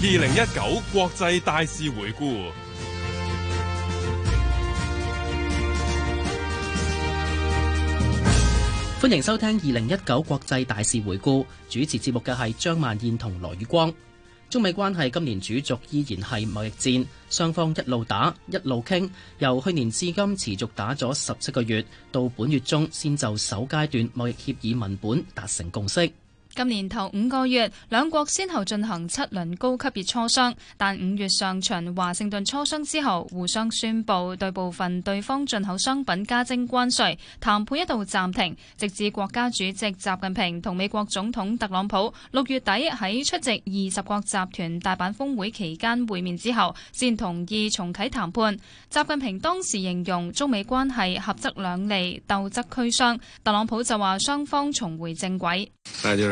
二零一九國際大事回顧，歡迎收聽二零一九國際大事回顧。主持節目嘅係張萬燕同羅宇光。中美關係今年主軸依然係貿易戰，雙方一路打一路傾，由去年至今持續打咗十七個月，到本月中先就首階段貿易協議文本達成共識。今年頭五個月，兩國先後進行七輪高級別磋商，但五月上旬華盛頓磋商之後，互相宣布對部分對方進口商品加徵關稅，談判一度暫停，直至國家主席習近平同美國總統特朗普六月底喺出席二十國集團大阪峰會期間會面之後，先同意重啟談判。習近平當時形容中美關係合則兩利，鬥則俱傷。特朗普就話雙方重回正軌。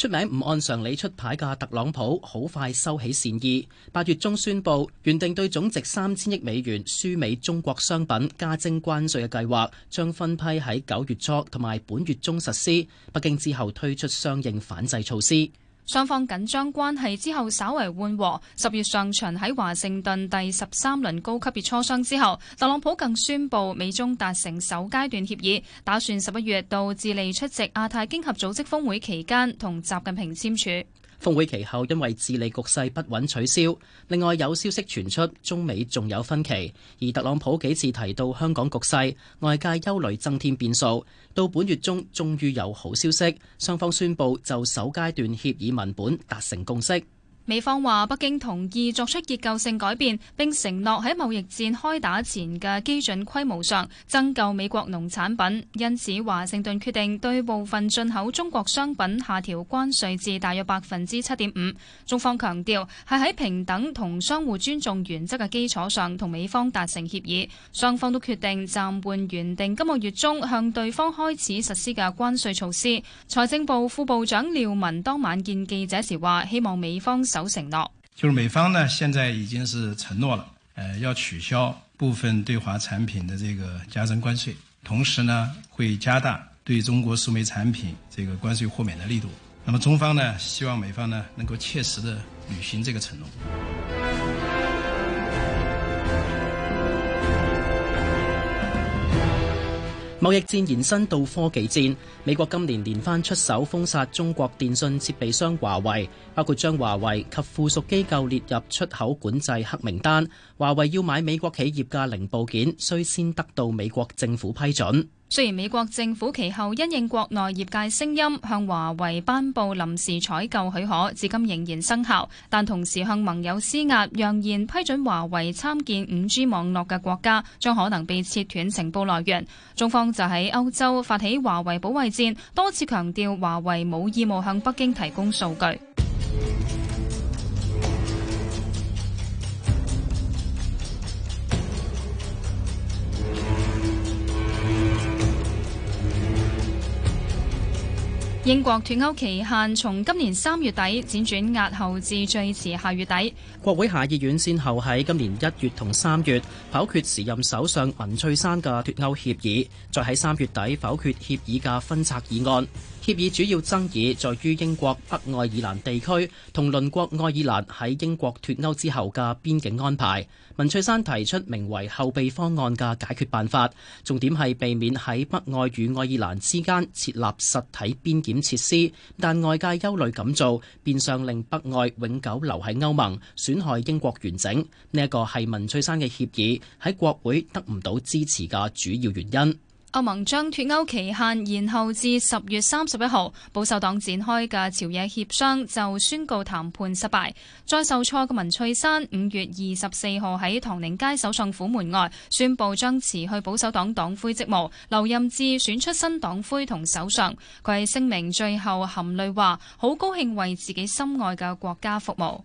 出名唔按常理出牌嘅特朗普，好快收起善意。八月中宣布原定對總值三千億美元輸美中國商品加徵關稅嘅計劃，將分批喺九月初同埋本月中實施。北京之後推出相應反制措施。雙方緊張關係之後稍為緩和。十月上旬喺華盛頓第十三輪高級別磋商之後，特朗普更宣布美中達成首階段協議，打算十一月到智利出席亞太經合組織峰會期間同習近平簽署。峰會期後，因為智利局勢不穩取消。另外有消息傳出，中美仲有分歧，而特朗普幾次提到香港局勢，外界憂慮增添變數。到本月中，終於有好消息，雙方宣布就首階段協議文本達成共識。美方話北京同意作出結構性改變，並承諾喺貿易戰開打前嘅基準規模上增購美國農產品，因此華盛頓決定對部分進口中國商品下調關稅至大約百分之七點五。中方強調係喺平等同相互尊重原則嘅基礎上同美方達成協議，雙方都決定暫緩原定今個月中向對方開始實施嘅關稅措施。財政部副部長廖文當晚見記者時話：希望美方守有承諾，就是美方呢，現在已經是承諾了，呃，要取消部分對華產品的這個加徵關稅，同時呢，會加大對中國輸美產品這個關稅豁免的力度。那麼中方呢，希望美方呢能夠切實的履行這個承諾。貿易戰延伸到科技戰，美國今年連番出手封殺中國電信設備商華為，包括將華為及附屬機構列入出口管制黑名單。華為要買美國企業嘅零部件，需先得到美國政府批准。雖然美國政府其後因應國內業界聲音，向華為頒佈臨時採購許可，至今仍然生效，但同時向盟友施壓，揚言批准華為參建五 G 網絡嘅國家將可能被切斷情報來源。中方就喺歐洲發起華為保衛戰，多次強調華為冇義務向北京提供數據。英國脱歐期限從今年三月底輾轉押後至最遲下月底。國會下議院先後喺今年一月同三月否決時任首相文翠珊嘅脱歐協議，再喺三月底否決協議嘅分拆議案。協議主要爭議在於英國北愛爾蘭地區同鄰國愛爾蘭喺英國脱歐之後嘅邊境安排。文翠珊提出名為後備方案嘅解決辦法，重點係避免喺北愛與愛爾蘭之間設立實體邊檢設施，但外界憂慮咁做，變相令北愛永久留喺歐盟，損害英國完整。呢一個係文翠珊嘅協議喺國會得唔到支持嘅主要原因。歐盟將脫歐期限延後至十月三十一號，保守黨展開嘅朝野協商就宣告談判失敗。再受挫嘅文翠珊五月二十四號喺唐寧街首相府門外宣布將辭去保守黨黨魁職務，留任至選出新黨魁同首相。佢喺聲明最後含淚話：好高興為自己心愛嘅國家服務。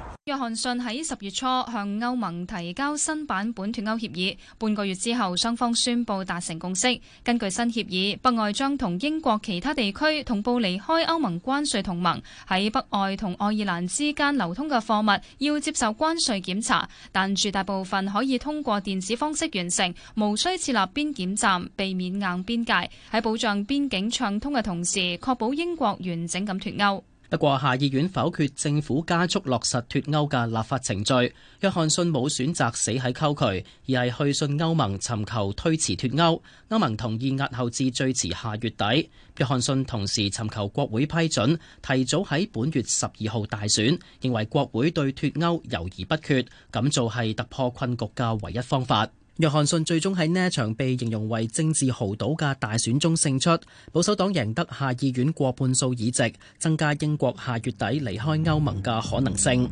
約翰遜喺十月初向歐盟提交新版本脱歐協議，半個月之後，雙方宣布達成共識。根據新協議，北愛將同英國其他地區同步離開歐盟關稅同盟。喺北愛同愛爾蘭之間流通嘅貨物要接受關稅檢查，但絕大部分可以通過電子方式完成，無需設立邊檢站，避免硬邊界。喺保障邊境暢通嘅同時，確保英國完整咁脱歐。不過，下議院否決政府加速落實脫歐嘅立法程序，約翰遜冇選擇死喺溝渠，而係去信歐盟尋求推遲脫歐。歐盟同意押後至最遲下月底。約翰遜同時尋求國會批准提早喺本月十二號大選，認為國會對脫歐猶疑不決，咁做係突破困局嘅唯一方法。約翰遜最終喺呢一場被形容為政治豪賭嘅大選中勝出，保守黨贏得下議院過半數議席，增加英國下月底離開歐盟嘅可能性。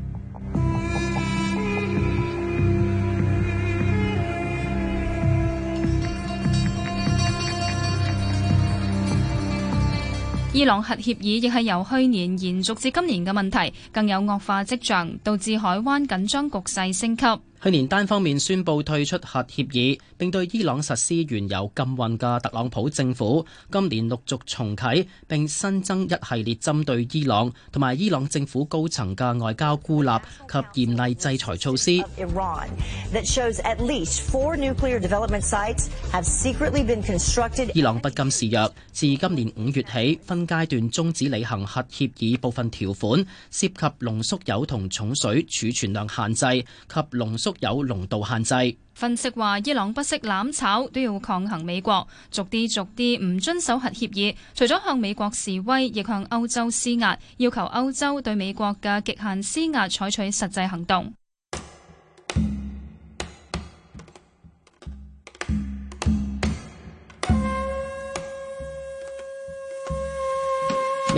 伊朗核協議亦係由去年延續至今年嘅問題，更有惡化跡象，導致海灣緊張局勢升級。去年單方面宣布退出核協議，並對伊朗實施原油禁運的特朗普政府今年陸續重啟，並新增一系列針對伊朗，和伊朗政府高層的外交孤立及嚴厲制裁措施。伊朗不甘示弱，自今年五月起，分階段終止履行核協議部分條款，涉及濃縮油和重水儲存量限制，及濃縮有濃度限制。分析話，伊朗不惜攬炒都要抗衡美國，逐啲逐啲唔遵守核協議，除咗向美國示威，亦向歐洲施壓，要求歐洲對美國嘅極限施壓採取實際行動。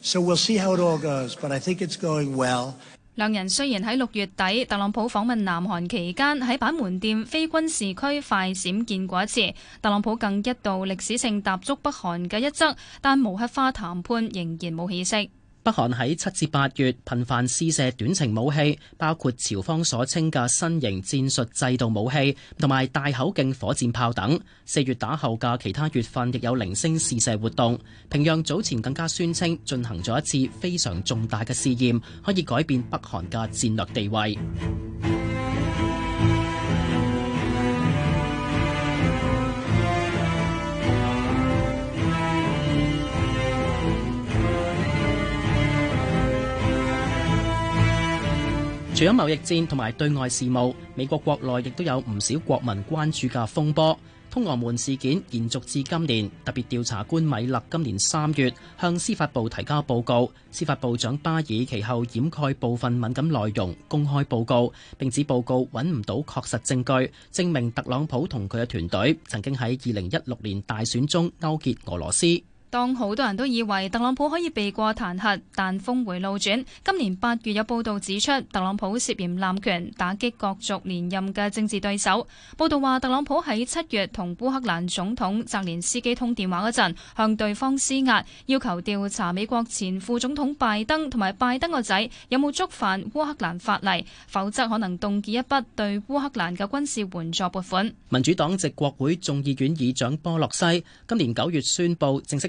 So we'll see how it all goes, but I think it's going well. 兩人雖然喺六月底特朗普訪問南韓期間喺板門店非軍事區快閃見過一次，特朗普更一度歷史性踏足北韓嘅一側，但無核化談判仍然冇起色。北韓喺七至八月頻繁試射短程武器，包括朝方所稱嘅新型戰術制導武器同埋大口徑火箭炮等。四月打後嘅其他月份亦有零星試射活動。平壤早前更加宣稱進行咗一次非常重大嘅試驗，可以改變北韓嘅戰略地位。除咗貿易戰同埋對外事務，美國國內亦都有不少國民關注的風波。通俄門事件延續至今年，特別調查官米勒今年三月向司法部提交報告。司法部長巴爾其後掩蓋部分敏感內容公開報告，並指報告揾唔到確實證據，證明特朗普同佢嘅團隊曾經喺二零一六年大選中勾結俄羅斯。當好多人都以為特朗普可以避過彈劾，但峰回路轉。今年八月有報道指出，特朗普涉嫌濫權，打擊角逐連任嘅政治對手。報道話，特朗普喺七月同烏克蘭總統澤連斯基通電話嗰陣，向對方施壓，要求調查美國前副總統拜登同埋拜登個仔有冇觸犯烏克蘭法例，否則可能凍結一筆對烏克蘭嘅軍事援助撥款。民主黨籍國會眾議院議長波洛西今年九月宣布正式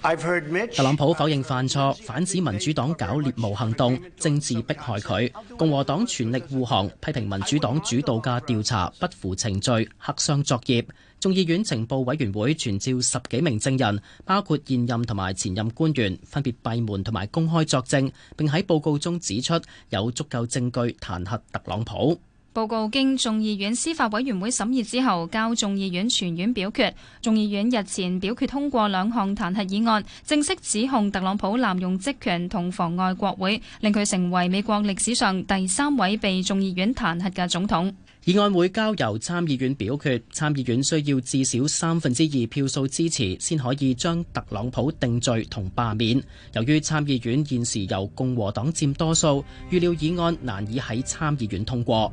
特朗普否認犯錯，反指民主黨搞獵巫行動，政治迫害佢。共和黨全力護航，批評民主黨主導嘅調查不符程序、黑箱作業。眾議院情報委員會傳召十幾名證人，包括現任同埋前任官員，分別閉門同埋公開作證。並喺報告中指出，有足夠證據彈劾特朗普。報告經眾議院司法委員會審議之後，交眾議院全院表決。眾議院日前表決通過兩項彈劾議案，正式指控特朗普濫用職權同妨礙國會，令佢成為美國歷史上第三位被眾議院彈劾嘅總統。議案會交由參議院表決，參議院需要至少三分之二票數支持，先可以將特朗普定罪同罷免。由於參議院現時由共和黨佔多數，預料議案難以喺參議院通過。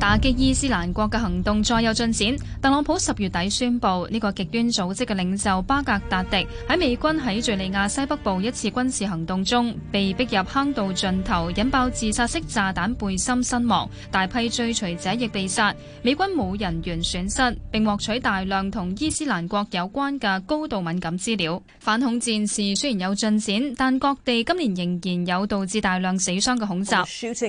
打擊伊斯蘭國嘅行動再有進展。特朗普十月底宣布，呢個極端組織嘅領袖巴格達迪喺美軍喺敘利亞西北部一次軍事行動中，被逼入坑道盡頭引爆自殺式炸彈背心身亡，大批追隨者亦被殺。美軍冇人員損失，並獲取大量同伊斯蘭國有關嘅高度敏感資料。反恐戰事雖然有進展，但各地今年仍然有導致大量死傷嘅恐襲。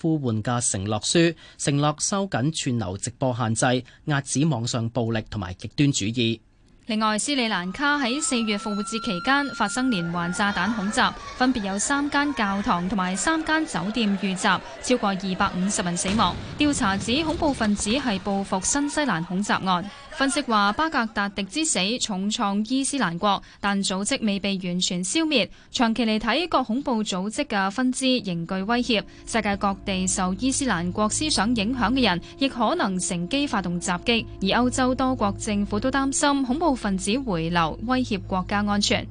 呼喚嘅承諾書，承諾收緊串流直播限制，壓止網上暴力同埋極端主義。另外，斯里蘭卡喺四月復活節期間發生連環炸彈恐襲，分別有三間教堂同埋三間酒店遇襲，超過二百五十人死亡。調查指恐怖分子係報復新西蘭恐襲案。分析話，巴格達迪之死重創伊斯蘭國，但組織未被完全消滅。長期嚟睇，各恐怖組織嘅分支仍具威脅。世界各地受伊斯蘭國思想影響嘅人，亦可能乘機發動襲擊。而歐洲多國政府都擔心恐怖分子回流威脅國家安全。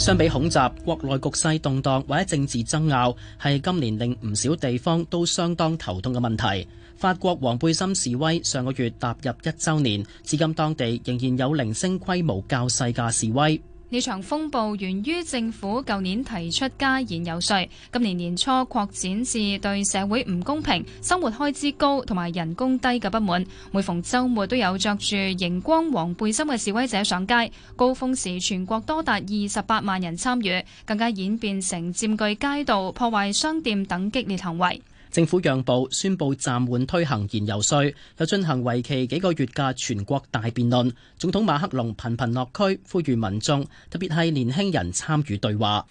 相比恐襲，國內局勢動盪或者政治爭拗，係今年令唔少地方都相當頭痛嘅問題。法國黃背心示威上個月踏入一週年，至今當地仍然有零星規模較細嘅示威。呢場風暴源於政府舊年提出加燃油稅，今年年初擴展至對社會唔公平、生活開支高同埋人工低嘅不滿。每逢週末都有著住熒光黃背心嘅示威者上街，高峰時全國多達二十八萬人參與，更加演變成佔據街道、破壞商店等激烈行為。政府讓步，宣布暫緩推行燃油稅，又進行為期幾個月嘅全國大辯論。總統馬克龍頻頻落區，呼籲民眾，特別係年輕人參與對話。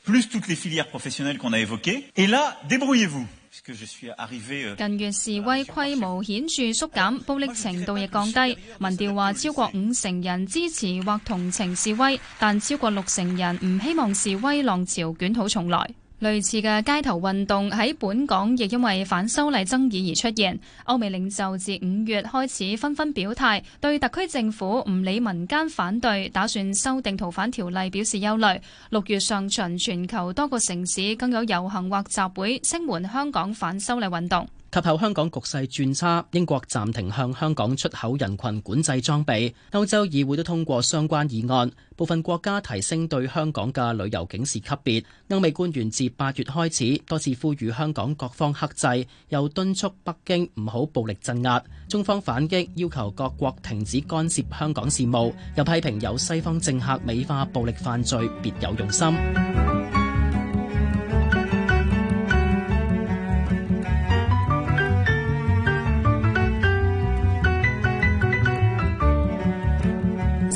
近月示威規模顯著縮減，暴力程度亦降低。民調話，超過五成人支持或同情示威，但超過六成人唔希望示威浪潮捲土重來。類似嘅街頭運動喺本港亦因為反修例爭議而出現。歐美領袖自五月開始紛紛表態，對特區政府唔理民間反對，打算修訂逃犯條例表示憂慮。六月上旬，全球多個城市更有遊行或集會聲援香港反修例運動。及後香港局勢轉差，英國暫停向香港出口人群管制裝備，歐洲議會都通過相關議案，部分國家提升對香港嘅旅遊警示級別。歐美官員自八月開始多次呼籲香港各方克制，又敦促北京唔好暴力鎮壓。中方反擊，要求各國停止干涉香港事務，又批評有西方政客美化暴力犯罪，別有用心。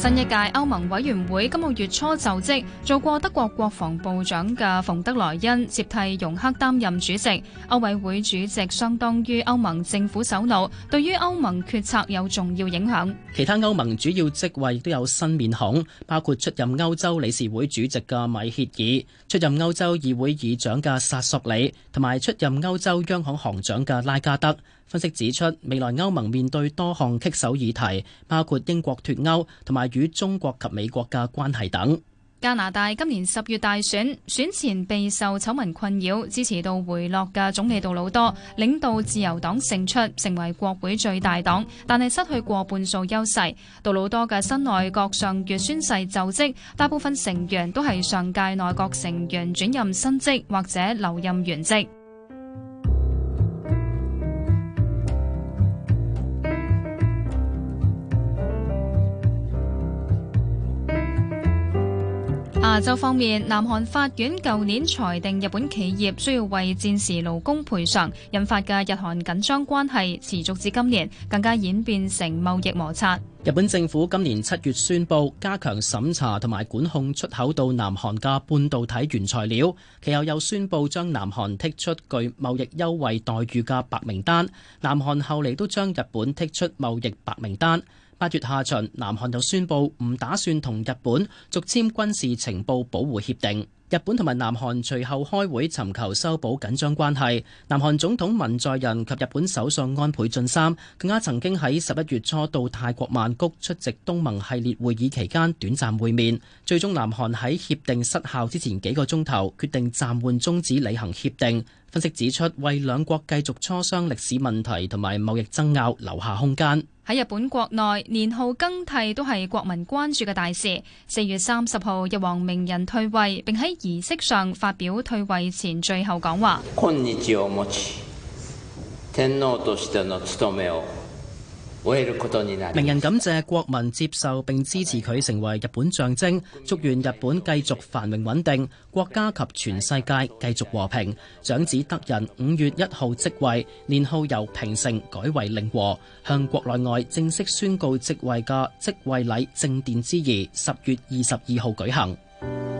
新一屆歐盟委員會今個月初就職，做過德國國防部長嘅馮德萊恩接替容克擔任主席。歐委會主席相當於歐盟政府首腦，對於歐盟決策有重要影響。其他歐盟主要職位都有新面孔，包括出任歐洲理事會主席、嘅米歇爾，出任歐洲議會議長嘅薩索里，同埋出任歐洲央行行長嘅拉加德。分析指出，未來歐盟面對多項棘手議題，包括英國脫歐同埋與中國及美國嘅關係等。加拿大今年十月大選，選前備受醜聞困擾，支持度回落嘅總理杜魯多領導自由黨勝出，成為國會最大黨，但係失去過半數優勢。杜魯多嘅新內閣上月宣誓就職，大部分成員都係上屆內閣成員轉任新職或者留任原職。亞洲方面，南韓法院舊年裁定日本企業需要為戰時勞工賠償，引發嘅日韓緊張關係持續至今年，更加演變成貿易摩擦。日本政府今年七月宣佈加強審查同埋管控出口到南韓嘅半導體原材料，其後又宣佈將南韓剔出具貿易優惠待遇嘅白名單。南韓後嚟都將日本剔出貿易白名單。八月下旬，南韓就宣布唔打算同日本續簽軍事情報保護協定。日本同埋南韓隨後開會尋求修補緊張關係，南韓總統文在寅及日本首相安倍晉三更加曾經喺十一月初到泰國曼谷出席東盟系列會議期間短暫會面。最終南韓喺協定失效之前幾個鐘頭決定暫緩終止履行協定。分析指出，為兩國繼續磋商歷史問題同埋貿易爭拗留下空間。喺日本國內，年號更替都係國民關注嘅大事。四月三十號，日皇明仁退位，並喺儀式上發表退位前最後講話。名人感謝國民接受並支持佢成為日本象徵，祝願日本繼續繁榮穩定，國家及全世界繼續和平。長子德仁五月一號即位，年號由平成改為令和，向國內外正式宣告即位嘅即位禮正殿之儀十月二十二號舉行。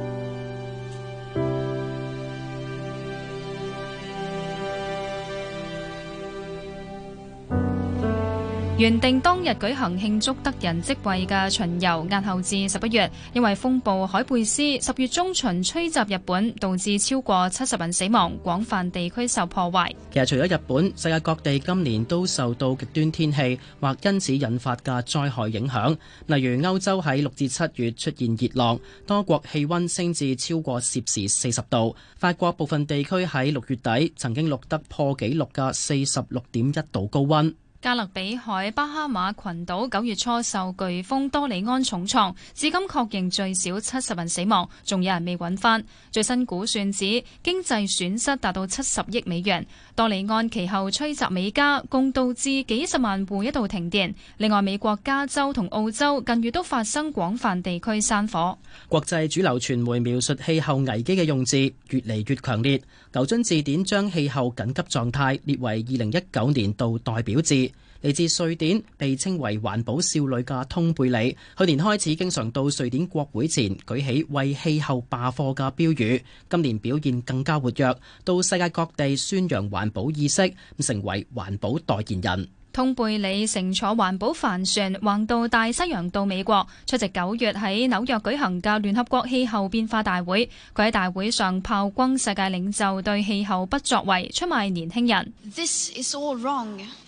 原定當日舉行慶祝德仁即位嘅巡遊，押後至十一月，因為風暴海貝斯十月中旬吹襲日本，導致超過七十人死亡，廣泛地區受破壞。其實除咗日本，世界各地今年都受到極端天氣或因此引發嘅災害影響，例如歐洲喺六至七月出現熱浪，多國氣溫升至超過攝氏四十度。法國部分地區喺六月底曾經錄得破紀錄嘅四十六點一度高溫。加勒比海巴哈馬群島九月初受颶風多利安重創，至今確認最少七十人死亡，仲有人未揾返。最新估算指經濟損失達到七十億美元。多利安其後吹襲美加，共導致幾十萬戶一度停電。另外，美國加州同澳洲近月都發生廣泛地區山火。國際主流傳媒描述氣候危機嘅用字越嚟越強烈，牛津字典將氣候緊急狀態列為2019年度代表字。嚟自瑞典，被稱為環保少女嘅通貝里，去年開始經常到瑞典國會前舉起為氣候罷課嘅標語。今年表現更加活躍，到世界各地宣揚環保意識，成為環保代言人。通貝里乘坐環保帆船橫渡大西洋到美國，出席九月喺紐約舉行嘅聯合國氣候變化大會。佢喺大會上炮轟世界領袖對氣候不作為，出賣年輕人。This is all wrong.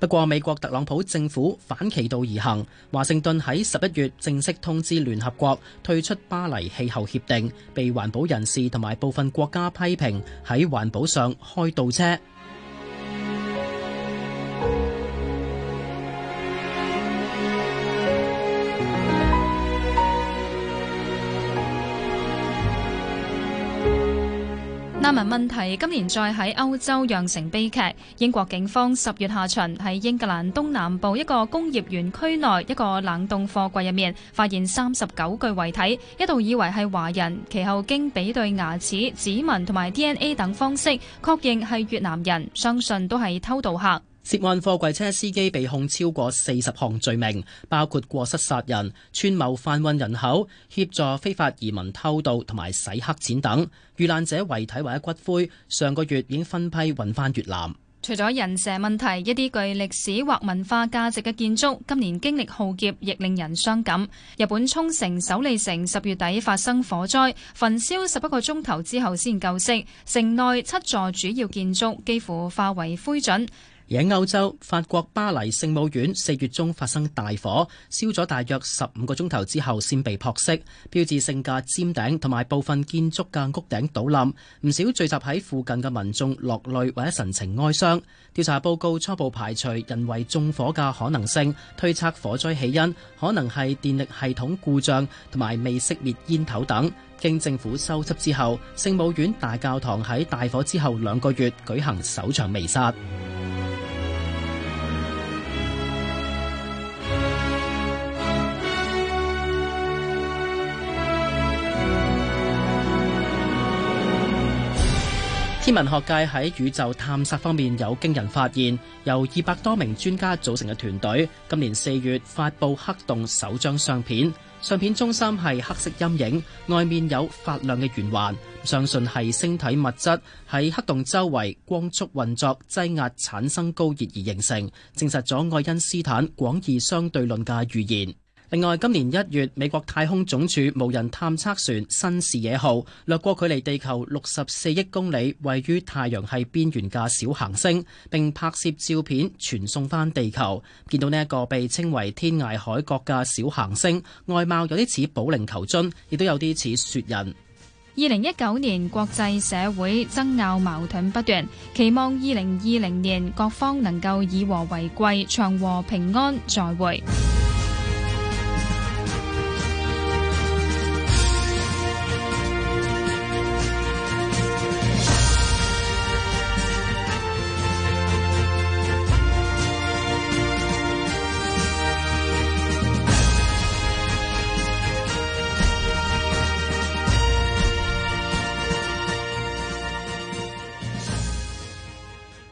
不過，美國特朗普政府反其道而行，華盛頓喺十一月正式通知聯合國退出巴黎氣候協定，被環保人士同埋部分國家批評喺環保上開倒車。難民問題今年再喺歐洲釀成悲劇。英國警方十月下旬喺英格蘭東南部一個工業園區內一個冷凍貨櫃入面，發現三十九具遺體，一度以為係華人，其後經比對牙齒、指紋同埋 DNA 等方式，確認係越南人，相信都係偷渡客。涉案貨櫃車司機被控超過四十項罪名，包括過失殺人、串謀販運人口、協助非法移民偷渡同埋洗黑錢等。遇難者遺體或者骨灰上個月已經分批運返越南。除咗人蛇問題，一啲具歷史或文化價值嘅建築今年經歷浩劫，亦令人傷感。日本沖繩首里城十月底發生火災，焚燒十一個鐘頭之後先救熄，城內七座主要建築幾乎化為灰燼。而喺歐洲，法國巴黎聖母院四月中發生大火，燒咗大約十五個鐘頭之後，先被撲熄。標誌性嘅尖頂同埋部分建築嘅屋頂倒冧，唔少聚集喺附近嘅民眾落淚或者神情哀傷。調查報告初步排除人為縱火嘅可能性，推測火災起因可能係電力系統故障同埋未熄滅煙頭等。經政府收執之後，聖母院大教堂喺大火之後兩個月舉行首場彌撒。天文學界喺宇宙探索方面有驚人發現，由二百多名專家組成嘅團隊今年四月發布黑洞首張相片。相片中心係黑色陰影，外面有發亮嘅圓環，相信係星體物質喺黑洞周圍光速運作擠壓產生高熱而形成，證實咗愛因斯坦廣義相對論嘅預言。另外，今年一月，美國太空總署無人探測船新視野號掠過距離地球六十四億公里、位於太陽系邊緣嘅小行星，並拍攝照片傳送翻地球，見到呢一個被稱為天涯海角嘅小行星，外貌有啲似保齡球樽，亦都有啲似雪人。二零一九年國際社會爭拗矛盾不斷，期望二零二零年各方能夠以和為貴，祥和平安，再會。